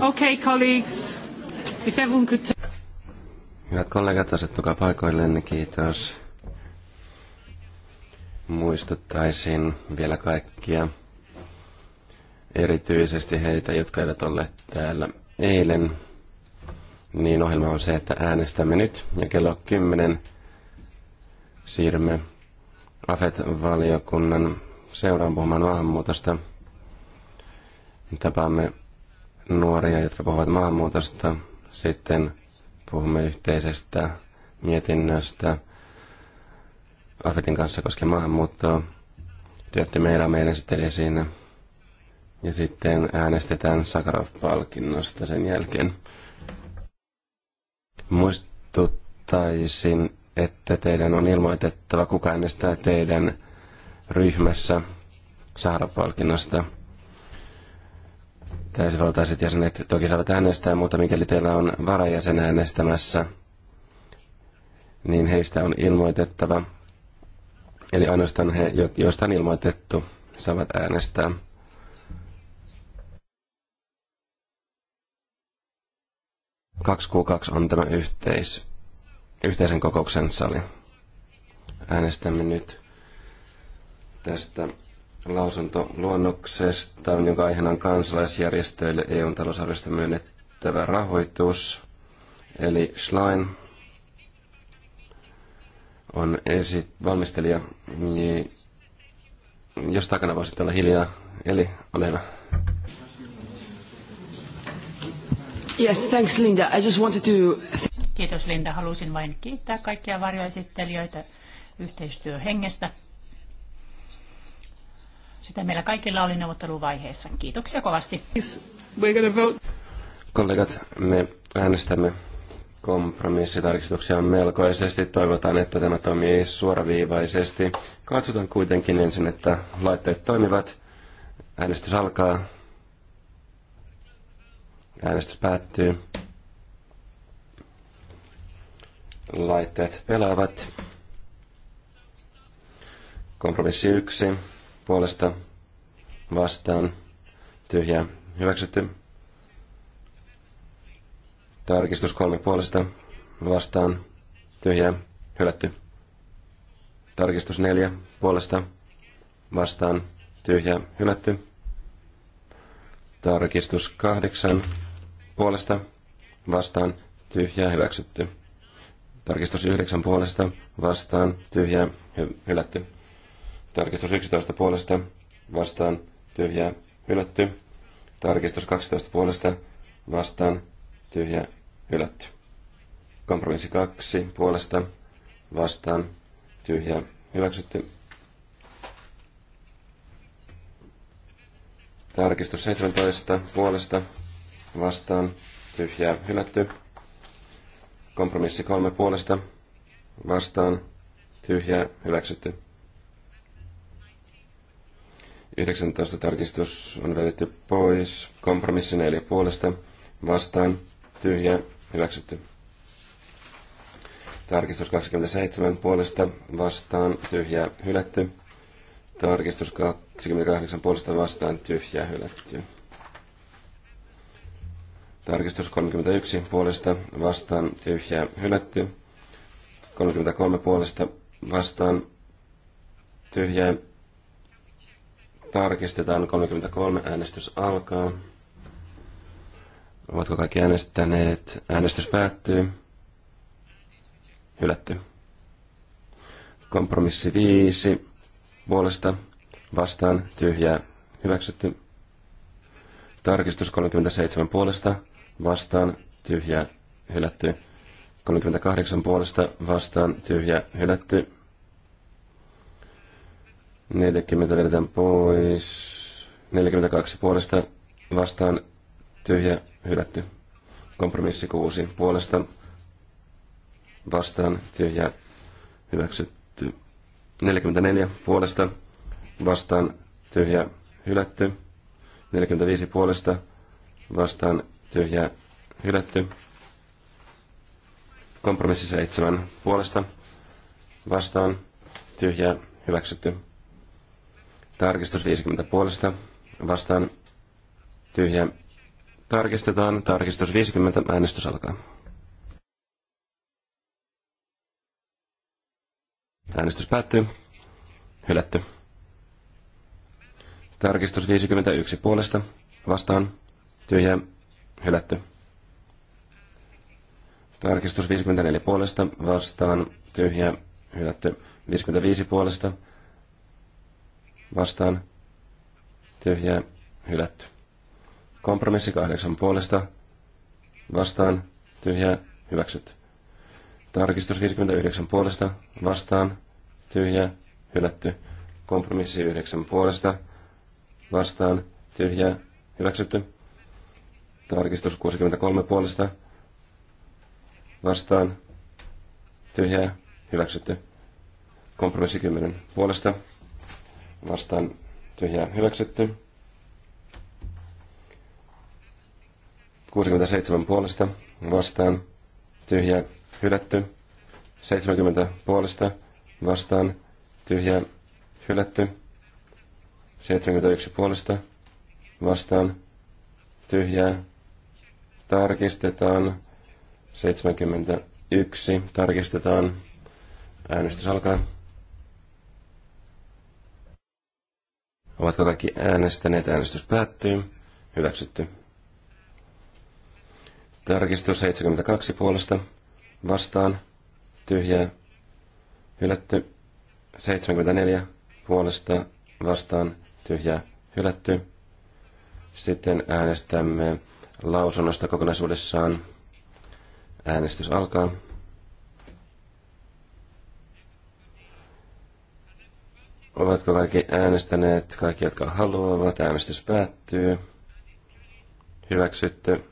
Okay, colleagues. If everyone could Hyvät kollegat, asettukaa paikoillenne, niin kiitos. Muistuttaisin vielä kaikkia, erityisesti heitä, jotka eivät olleet täällä eilen, niin ohjelma on se, että äänestämme nyt ja kello 10 siirrymme AFET-valiokunnan seuraan puhumaan maahanmuutosta. Tapaamme nuoria, jotka puhuvat maahanmuutosta. Sitten puhumme yhteisestä mietinnöstä Afetin kanssa koskien maahanmuuttoa. Työtti meidän meidän siinä. Ja sitten äänestetään Sakarov-palkinnosta sen jälkeen. Muistuttaisin, että teidän on ilmoitettava, kuka äänestää teidän ryhmässä sakarov – Täysivaltaiset jäsenet toki saavat äänestää, mutta mikäli teillä on varajäsen äänestämässä, niin heistä on ilmoitettava. Eli ainoastaan he, joista on ilmoitettu, saavat äänestää. Kaksi kuukaksi on tämä yhteis, yhteisen kokouksen sali. Äänestämme nyt tästä lausuntoluonnoksesta, jonka aiheena on kansalaisjärjestöille EUn talousarviosta myönnettävä rahoitus, eli Schlein on esit valmistelija, jos takana voisi olla hiljaa, eli ole hyvä. Yes, thanks Linda. I just wanted to... Kiitos Linda. Halusin vain kiittää kaikkia varjoesittelijöitä yhteistyöhengestä sitä meillä kaikilla oli neuvotteluvaiheessa. Kiitoksia kovasti. Kollegat, me äänestämme kompromissitarkistuksia melkoisesti. Toivotaan, että tämä toimii suoraviivaisesti. Katsotaan kuitenkin ensin, että laitteet toimivat. Äänestys alkaa. Äänestys päättyy. Laitteet pelaavat. Kompromissi yksi puolesta vastaan tyhjä hyväksytty. Tarkistus kolme puolesta vastaan tyhjä hylätty. Tarkistus neljä puolesta vastaan tyhjä hylätty. Tarkistus kahdeksan puolesta vastaan tyhjä hyväksytty. Tarkistus yhdeksän puolesta vastaan tyhjä hylätty. Tarkistus 11 puolesta vastaan tyhjä hylätty. Tarkistus 12 puolesta vastaan tyhjä hylätty. Kompromissi 2 puolesta vastaan tyhjä hyväksytty. Tarkistus 17 puolesta vastaan tyhjä hylätty. Kompromissi 3 puolesta vastaan tyhjä hyväksytty. 19 tarkistus on vedetty pois. Kompromissi 4 puolesta vastaan. Tyhjä. Hyväksytty. Tarkistus 27 puolesta vastaan. Tyhjä. Hylätty. Tarkistus 28 puolesta vastaan. Tyhjä. Hylätty. Tarkistus 31 puolesta vastaan. Tyhjä. Hylätty. 33 puolesta vastaan. Tyhjä tarkistetaan. 33 äänestys alkaa. Ovatko kaikki äänestäneet? Äänestys päättyy. Hylätty. Kompromissi 5. Puolesta vastaan tyhjää. Hyväksytty. Tarkistus 37 puolesta vastaan tyhjä hylätty. 38 puolesta vastaan tyhjä hylätty. 40 vedetään pois. 42 puolesta vastaan tyhjä hylätty. Kompromissi 6 puolesta vastaan tyhjä hyväksytty. 44 puolesta vastaan tyhjä hylätty. 45 puolesta vastaan tyhjä hylätty. Kompromissi 7 puolesta vastaan tyhjä hyväksytty. Tarkistus 50 puolesta vastaan tyhjä. Tarkistetaan. Tarkistus 50. Äänestys alkaa. Äänestys päättyy. Hylätty. Tarkistus 51 puolesta vastaan tyhjä. Hylätty. Tarkistus 54 puolesta vastaan tyhjä. Hylätty. 55 puolesta vastaan tyhjää hylätty. Kompromissi kahdeksan puolesta vastaan tyhjää hyväksytty. Tarkistus 59 puolesta vastaan tyhjää hylätty. Kompromissi 9 puolesta vastaan tyhjää hyväksytty. Tarkistus 63 puolesta vastaan tyhjää hyväksytty. Kompromissi 10 puolesta vastaan tyhjää hyväksytty. 67 puolesta vastaan tyhjää hylätty. 70 puolesta vastaan tyhjää hylätty. 71 puolesta vastaan tyhjää tarkistetaan. 71 tarkistetaan. Äänestys alkaa. Ovatko kaikki äänestäneet? Äänestys päättyy. Hyväksytty. Tarkistus 72 puolesta. Vastaan. Tyhjää. Hylätty. 74 puolesta. Vastaan. Tyhjää. Hylätty. Sitten äänestämme lausunnosta kokonaisuudessaan. Äänestys alkaa. Ovatko kaikki äänestäneet? Kaikki, jotka haluavat. Äänestys päättyy. Hyväksytty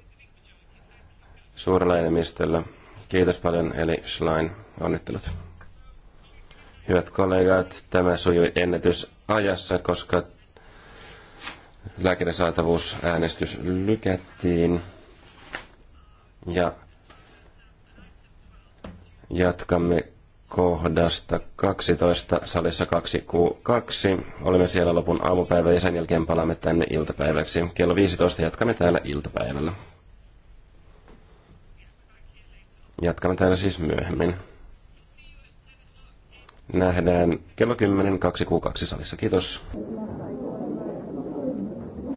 suurella enemmistöllä. Kiitos paljon, eli Schlein. Onnittelut. Hyvät kollegat, tämä sujui ennätysajassa, koska lääkärin saatavuusäänestys lykättiin. Ja jatkamme kohdasta 12 salissa 2 q Olemme siellä lopun aamupäivä ja sen jälkeen palaamme tänne iltapäiväksi. Kello 15 jatkamme täällä iltapäivällä. Jatkamme täällä siis myöhemmin. Nähdään kello 10 2 2 salissa. Kiitos.